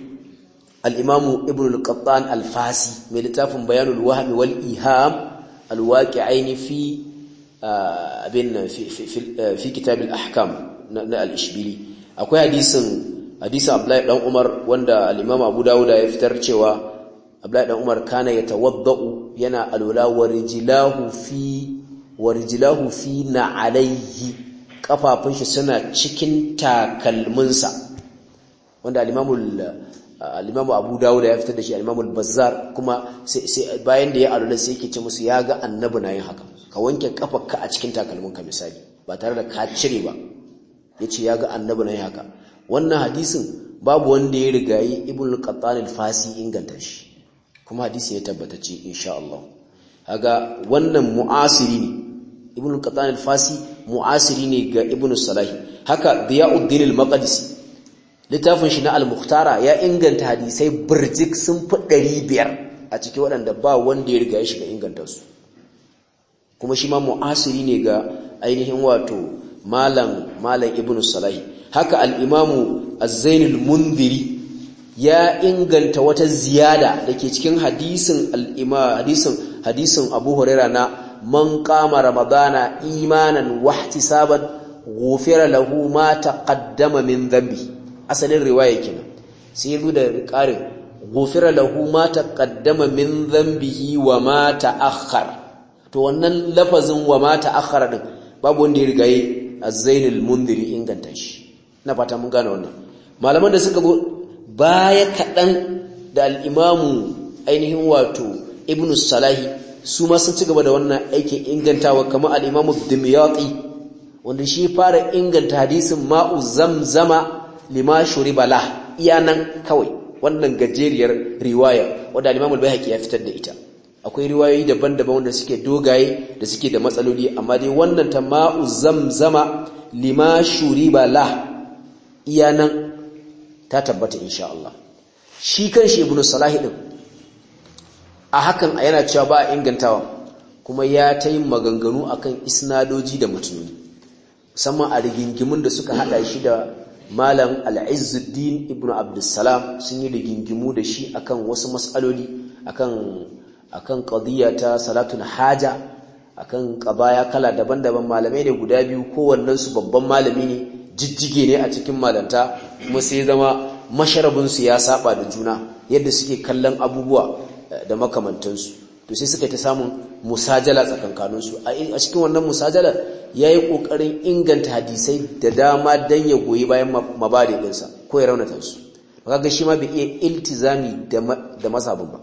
S1: al'imamu ibn al-qattan al-fasi mai littafin bayanul wahami wal iham alwaƙi ainihi abin fi eh, kitab al-ahkam na al-ishbili akwai hadisin hadisin abdullahi dan umar wanda al-imam abu dawuda ya fitar cewa abdullahi dan umar kana ya yatawaddau yana alula warjilahu fi warjilahu fi kafafun shi suna cikin takalminsa wanda al al abu dawud ya fitar da shi al bazzar kuma bayan da ya alula sai yake ce musu ya ga annabi na yin haka ka wanke kafarka a cikin takalmin ka misali ba tare da ka cire ba yace ya ga annabi na yin haka wannan hadisin babu wanda ya rigayi ibn al-qattan al-fasi inganta shi kuma hadisi ya tabbata ce insha Allah haga wannan mu'asiri ne ibn qatan al-fasi mu'asiri ne ga ibn salahi haka diyauddin al-maqdisi littafin shi na al-mukhtara ya inganta hadisai birjik sun fi 500 a cikin wadanda ba wanda ya riga ya shiga inganta su kuma shi ma mu'asiri ne ga ainihin wato malam malam ibn salahi haka al-imamu az-zain al-mundhiri ya inganta wata ziyada da ke cikin hadisin al'ima hadisin hadisin abu huraira na man kama ramadana imanan wahti saban gofera lahu ma kaddama min zambi asalin riwaya kina, sai yi da ƙarin gofera lahu ma kaddama min dhanbihi wa ma Akhar. to wannan lafazin wa ma Akhar din babu wanda ya rigaye a zainul mundiri inganta shi na fata mun gane wannan malaman da suka baya kaɗan da al'imamu ainihin wato ibn salahi su ma sun ci gaba da wannan aikin ingantawa kamar al'imamu dimyaki wanda shi fara inganta hadisin ma'u zamzama lima shuri iya nan kawai wannan gajeriyar riwaya wadda al'imamu bayhaqi ya fitar da ita akwai riwayoyi daban-daban wanda suke dogaye da suke da matsaloli amma dai wannan ta ma'u zamzama lima shuri iya nan ta tabbata insha Allah shi kanshi ibnu salahi din a hakan a yana cewa ba a ingantawa kuma ya ta yin maganganu akan isnadoji da mutuni musamman a rigingimun da suka hada shi da malam al-izzuddin ibnu Abdulsalam sun yi rigingimu da shi akan wasu matsaloli akan akan qadiyya ta salatul haja akan qabaya kala daban-daban malamai ne guda biyu kowannen babban malami ne jijjige ne a cikin malanta kuma sai zama masharabinsu ya saba da juna yadda suke kallon abubuwa eh, da makamantansu to sai suka ta samun musajala tsakankaninsu a cikin wannan musajalar ya yi ƙoƙarin inganta hadisai da dama don ya goyi bayan mabadinsa ko ya raunata su ga shi ma bai iya iltizami da masabin ba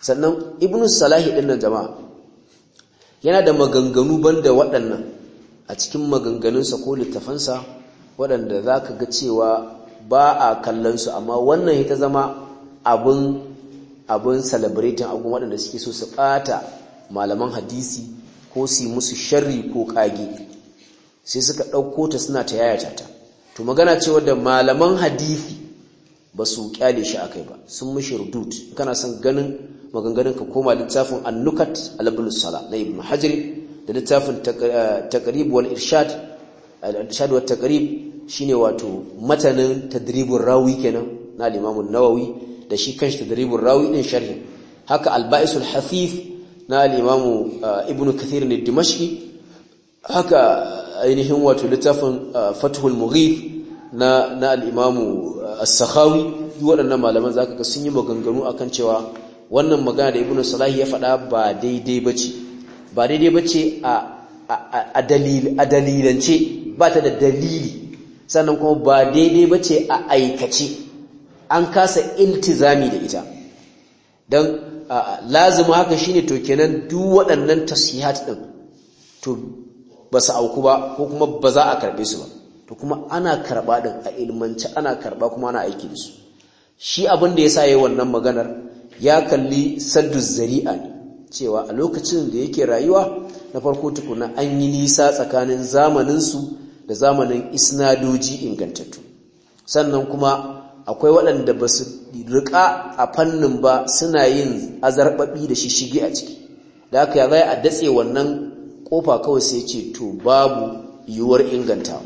S1: sannan ibn salahi ɗin nan jama'a yana da maganganu ban da waɗannan a cikin maganganunsa ko littafansa waɗanda za ka ga cewa ba a kallonsu amma wannan ya ta zama abin abin celebrating abin waɗanda suke so su ɓata malaman hadisi ko su musu sharri ko ƙage sai suka ɗauko ta suna ta yayata ta to magana cewa da malaman hadisi ba su ƙyale shi akai ba sun mushi rudud kana son ganin maganganun ka koma littafin annukat al sala na ibn hajar da littafin takaribuwar irshad wa shine wato matanin tadribun rawi kenan na al nawawi da shi kanshi tadribun rawi din sharhi haka al-Ba'isul Hasif na al-Imam uh, Ibn Kathir ne dimashqi haka ainihin wato littafin uh, Fathul Mughith na na al-Imam uh, As-Sakhawi waɗannan malaman zaka ga sun yi maganganu akan cewa wannan magana da Ibn Salah ya faɗa ba daidai bace ba daidai bace a a dalilance ba ta da dalili sannan kuma ba daidai ba ce a aikace an kasa iltizami da ita don lazima haka shine to kenan duk waɗannan tasihat ɗin to ba su auku ba ko kuma ba za a karɓe su ba to kuma ana karɓa ɗin a ilmanci ana karɓa kuma ana aiki da su shi abin da ya sa yi wannan maganar ya kalli saddu zari'a ne cewa a lokacin da yake rayuwa na farko tukuna an yi nisa tsakanin zamaninsu da zamanin isnadoji ingantattu sannan kuma akwai waɗanda ba su riƙa a fannin ba suna yin azarɓaɓi da shi shige a ciki da aka ya a datse wannan ƙofa kawai sai ce to babu yiwuwar inganta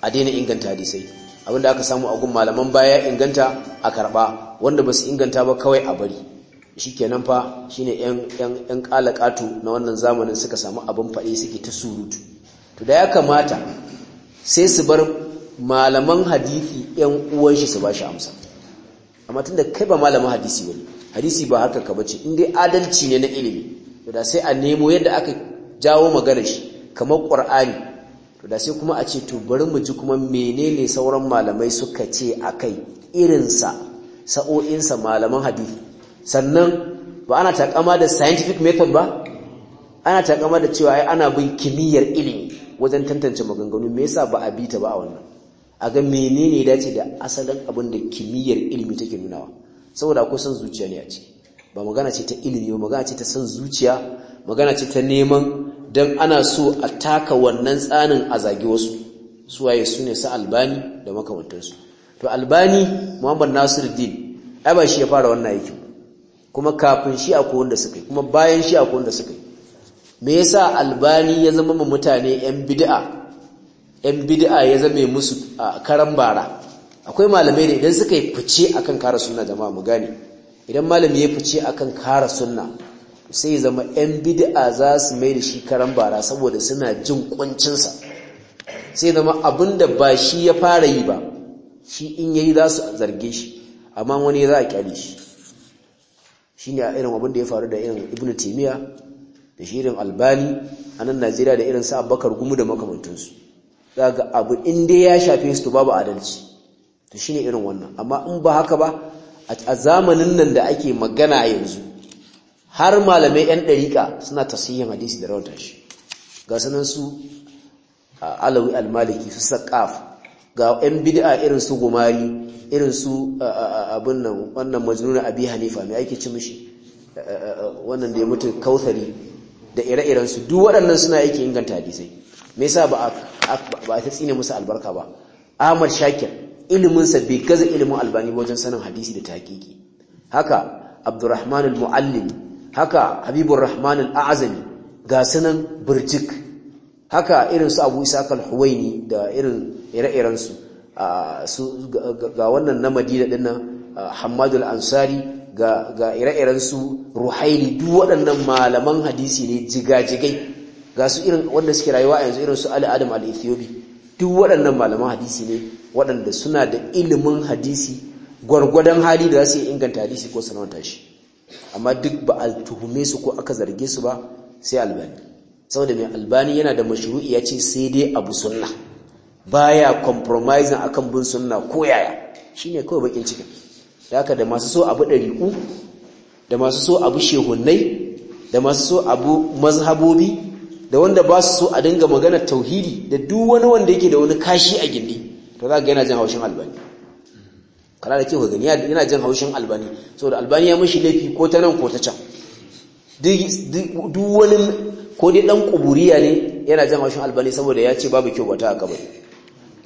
S1: a daina inganta hadisai abinda aka samu a gun malaman baya inganta a karɓa wanda ba su inganta ba kawai a bari shi kenan fa shine 'yan ƙalaƙato na wannan zamanin suka samu abin faɗi suke ta surutu to da ya kamata sai su bar malaman hadisi yan uwan shi su ba shi amsa amma tun da kai ba malamin hadisi wani hadisi ba haka ka bace in dai adalci ne na ilimi to da sai a nemo yadda aka jawo maganar shi kamar qur'ani to da sai kuma a ce to bari mu ji kuma menene sauran malamai suka ce a kai irinsa sa'o'insa malaman hadisi sannan ba ana takama da scientific method ba ana takama da cewa ai ana bin kimiyyar ilimi wajen tantance maganganu me yasa ba a bi ta ba a wannan a ga menene ya dace da asalin abin da kimiyyar ilimi take nunawa saboda akwai son zuciya ne a ce. ba magana ce ta ilimi ba magana ce ta son zuciya magana ce ta neman dan ana so a taka wannan tsanin a zagi wasu waye su ne sa albani da makamantansu to albani muhammad Din, ai ba shi ya fara wannan aikin kuma kafin shi akwai wanda suka yi kuma bayan shi akwai wanda suka yi me yasa albani ya zama ma mutane yan bid'a yan bid'a ya zame musu karan bara akwai malamai da idan suka yi fice akan kara sunna jama'a mu gane idan malami ya fice akan kara sunna sai zama yan bid'a za su mai da shi karan bara saboda suna jin kuncinsa sai zama abinda ba shi ya fara yi ba shi in yayi za su zarge shi amma wani za a kyale shi shine irin abin da ya faru da irin ibnu taymiya da shirin albani a nan najeriya da irin sa bakar gumu da makamantansu za ga abu in dai ya shafe su to babu adalci to ne irin wannan amma in ba haka ba a zamanin nan da ake magana yanzu har malamai yan ɗariƙa suna tasihin hadisi da rawar tashi ga sanan su alawi almaliki su saƙaf ga yan bid'a irin su gumari irin su abin nan wannan majinuna abi hanifa mai ake ci mishi wannan da ya mutu kautari. da ire-iren su duk waɗannan suna yake inganta hadisai me yasa ba ba ta tsine musu albarka ba Ahmad Shakir ilimin sa bai gaza ilimin Albani wajen sanin hadisi da tahqiqi haka Abdurrahman al-Muallim haka Habibur Rahman al-A'zami ga sanan Burjik haka irin su Abu Isa al-Huwaini da irin ire-iren su ga wannan na Madina dinnan Hammadul Ansari ga ire-iren su ruhaili duk waɗannan malaman hadisi ne jigajigai ga su irin wanda suke rayuwa yanzu irin su Ali Adam al-Ethiopi duk waɗannan malaman hadisi ne waɗanda suna da ilimin hadisi gwargwadon hali da za su inganta hadisi ko sanarwa shi amma duk ba a tuhume su ko aka zarge su ba sai albani saboda mai albani yana da mashru'i ya ce sai dai abu sunna baya compromising akan bin sunna ko yaya shine kawai bakin cikin haka da masu so abu ɗariƙu da masu so abu shehunai, da masu so abu mazhabobi da wanda ba su so a dinga magana tauhidi da duk wani wanda yake da wani kashi a gindi to za ka yana jin haushin albani kana da ke gani yana jin haushin albani saboda albani ya mashi laifi ko ta nan ko ta can duk wani ko dai dan kuburiya ne yana jin haushin albani saboda ya ce babu kyau bata a kabari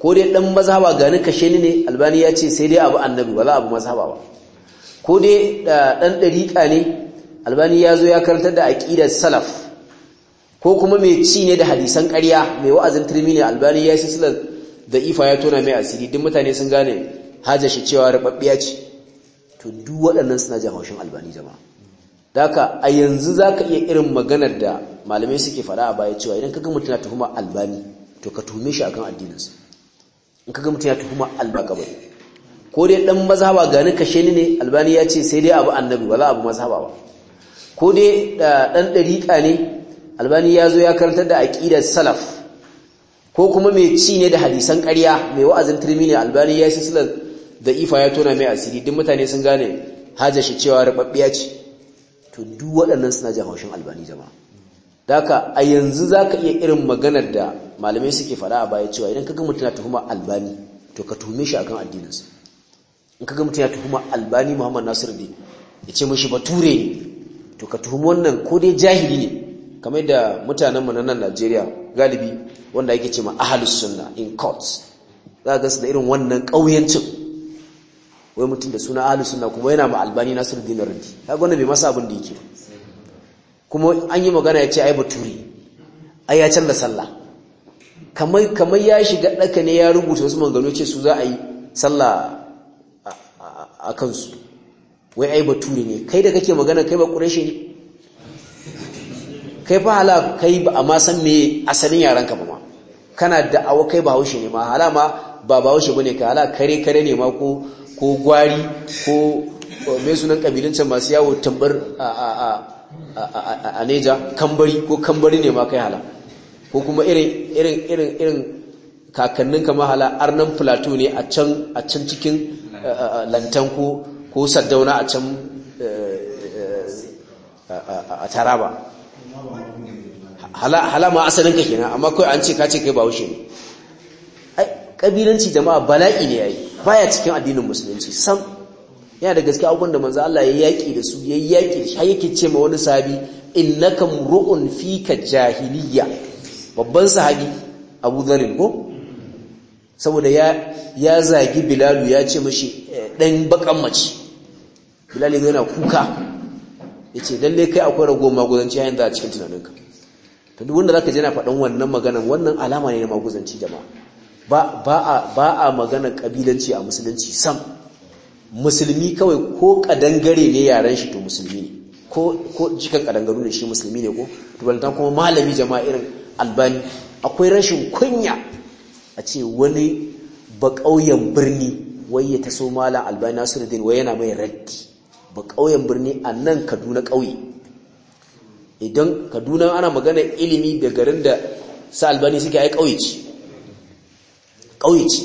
S1: ko dai dan mazhaba gani kashe ni ne albani ya ce sai dai abu annabi ba za abu mazhaba ba ko dai dan dariqa ne albani ya zo ya karantar da aqidar salaf ko kuma mai ci ne da hadisan ƙarya mai wa'azin turmi ne albani ya shi silar da ifa ya tona mai asiri duk mutane sun gane hajar shi cewa rubabbiya ce to duk waɗannan suna jan haushin albani jama'a daka a yanzu za ka iya irin maganar da malamai suke faɗa a baya cewa idan ka ga mutum na tuhuma albani to ka tuhume shi akan addininsa in kaga mutum ya tuhuma albaqabai ko dai dan mazhaba gani kashe ni ne albani ya ce sai dai abu annabi wala abu mazhaba ba ko dai dan dariqa ne albani ya zo ya karanta da aqidar salaf ko kuma mai ci ne da hadisan ƙarya mai wa'azin turmi ne albani ya yi silsilar da ifa ya tona mai asiri duk mutane sun gane hajjashi cewa rababbiya ce to duk waɗannan suna jan albani jama'a daka a yanzu zaka iya irin maganar da malamai suke fada a baya cewa idan kaga mutum ya tuhuma albani to ka tuhume shi akan addininsa in kaga mutum ya tuhuma albani muhammad nasiruddin ya ce mishi bature ne to ka tuhumi wannan ko dai jahili ne kamar da mutanen mu na nan Najeriya galibi wanda ake cewa ahlus sunna in courts za ga su da irin wannan kauyancin wai mutum da suna ahlus sunna kuma yana ma albani nasiruddin radi kaga wannan bai masa abin da yake ba kuma an yi magana ya ce ai baturi ai ya canza sallah kamar kamar ya shiga daka ne ya rubuta wasu mangano ce su za a yi sallah a kansu wai ai baturi ne kai da kake magana kai ba quraishi ne kai fa hala kai ba amma san me asalin ka ba ma kana da awo kai ba haushe ne ma hala ma ba ba haushi bane ka hala kare kare ne ma ko ko gwari ko mai sunan kabilan can masu yawo tambar a neja kambari ko kambari ne ma kai hala ko kuma irin kakannin ka hala arnan plateau ne a can a can cikin lantan ko saddauna a can eh, eh, eh, a taraba hala ma asalin ka kenan amma kai an ce ka ce kai bahaushe ne ai kabilanci jama'a bala'i ne ya yi baya cikin addinin musulunci sam yana da gaske abubuwan da manzo Allah ya yaki da su ya yaki shi har yake ce ma wani sahabi innaka mru'un fika jahiliya babban sahabi Abu Dharr ko saboda ya ya zagi eh, Bilal ya ce mishi dan bakan mace Bilal yana kuka yace lalle kai akwai rago maguzanci yayin da a cikin tunaninka to duk wanda zaka je na faɗan wannan maganan wannan alama ne na maguzanci jama'a ba ba a ba a magana kabilanci a musulunci sam musulmi kawai ko kadangare ne yaren shi to musulmi ne ko jikan kadangaru ne shi musulmi ne ko tubaltan kuma malami jama'a irin albani akwai rashin kunya a ce wani bakauyen birni wai ya taso malam albani nasiruddin wai yana mai raddi bakauyen birni a nan kaduna kauye idan kaduna ana magana ilimi da garin da sa albani suke ai kauye ce kauye ce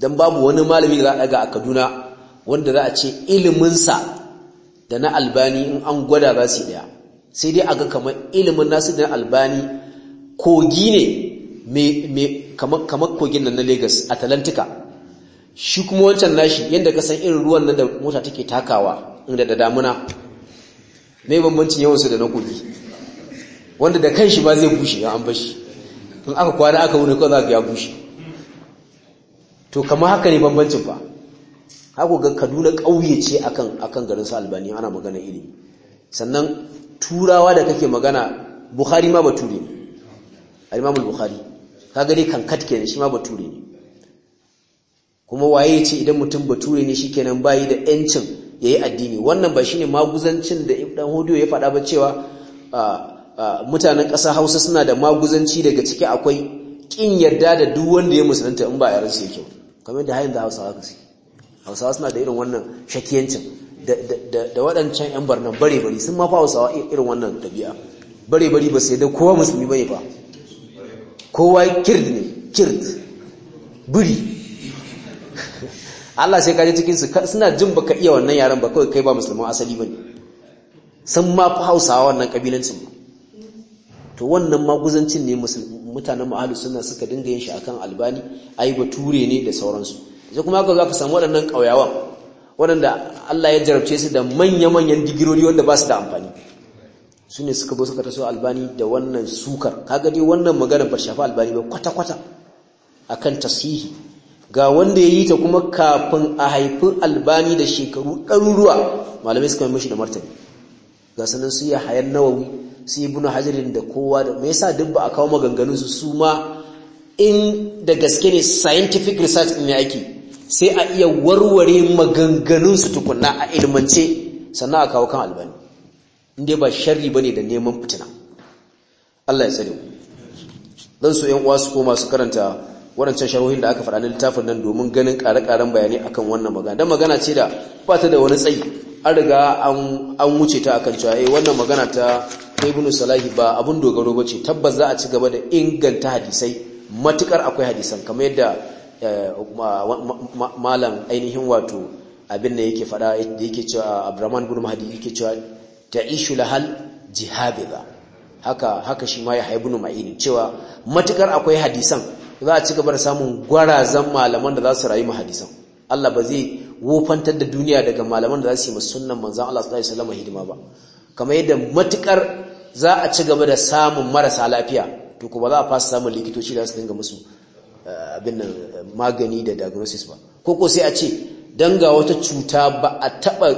S1: don babu wani malami da za a daga a kaduna wanda za a ce iliminsa da na albani in an gwada za su daya sai dai aga kamar ilimin nasu da na albani kogi ne kamar kogin nan na Legas, atalantika shi kuma wancan nashi yadda ka san irin ruwan nan da mota take takawa inda da damuna mai bambancin yawansu da na kogi wanda da kan shi ba zai bushe ya an bashi in aka kwana aka wuni kawai za ka ya bushe to kama haka ne bambancin ba haku ga kaduna ƙauye ce akan akan garin su albani ana magana ilimi sannan turawa da kake magana bukhari ma bature ne alimamul buhari bukhari kaga dai kankat kenan shi ma bature ne kuma waye ce idan mutum bature ne shi kenan bayi da yancin ya yi addini wannan ba shine maguzancin da dan hodiyo ya faɗa ba cewa mutanen ƙasar Hausa suna da maguzanci daga ciki akwai ƙin yarda da duk wanda ya musulunta in ba yaransu yake kamar da hayin da Hausa haka suke hausawa suna da irin wannan shakiyancin da waɗancan 'yan barnan bare-bari sun mafa hausawa irin wannan ɗabi'a bare-bari ba sai da kowa musulmi bane ba kowa kird ne kird buri Allah sai kaji cikinsu suna jin baka iya wannan yaren ba kawai kai ba musulman asali ba ne sun ma fa hausawa wannan kabilancin to wannan maguzancin ne mutanen mu suna suka dinga yin shi akan albani ai ture ne da sauransu sai kuma haka zo ka samu waɗannan ƙauyawan waɗanda Allah ya jarabce su da manya-manyan digirori wanda ba su da amfani su ne suka bo suka taso albani da wannan sukar kaga dai wannan magana ba shafa albani ba kwata-kwata akan tasihi ga wanda ya yi ta kuma kafin a haifin albani da shekaru ɗaruruwa malamai suka mashi da martani ga sanan su ya hayan nawawi su yi buna hajjirin da kowa da mai sa duk ba a kawo maganganunsu su ma in da gaske ne scientific research ne ake sai a iya warware maganganunsu tukunna a ilmance sannan a kawo kan albani inda ba shari ba ne da neman fitina Allah ya tsare don su ‘yan uwa su koma su karanta waɗancan sharhohin da aka faɗa na littafin nan domin ganin ƙare-ƙaren bayanai kan wannan magana don magana ce da ba ta da wani tsayi an riga an wuce ta akan cewa eh wannan magana ta ibnu salahi ba abun dogaro ba ce tabbas za a ci gaba da inganta hadisai matukar akwai hadisan kamar yadda Eh, malam ainihin wato abin da yake fada yake cewa abraman bin Mahdi yake cewa ta'ishu lahal jihabiza haka haka shi ma ya haibun ma'ini cewa matukar akwai hadisan za a ci gaba da samun gwarazan malaman da za su rayu hadisan Allah ba zai wofantar da duniya daga malaman da za su yi sunnan manzan Allah sallallahu alaihi wasallam hidima ba kamar yadda matukar za a ci gaba da samun marasa lafiya to kuma za a fasa samun likitoci da su dinga musu abinnan magani da diagnosis ba ko ko sai a ce dan ga wata cuta ba a taba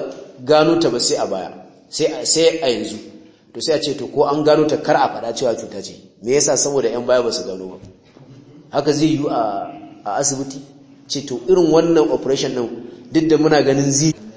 S1: gano ta ba sai a baya sai sai a yanzu to sai a ce to ko an gano ta kar a fada cewa cuta ce me yasa saboda yan baya ba su gano ba haka zai yi a asibiti ce to irin wannan operation din duk da muna ganin zai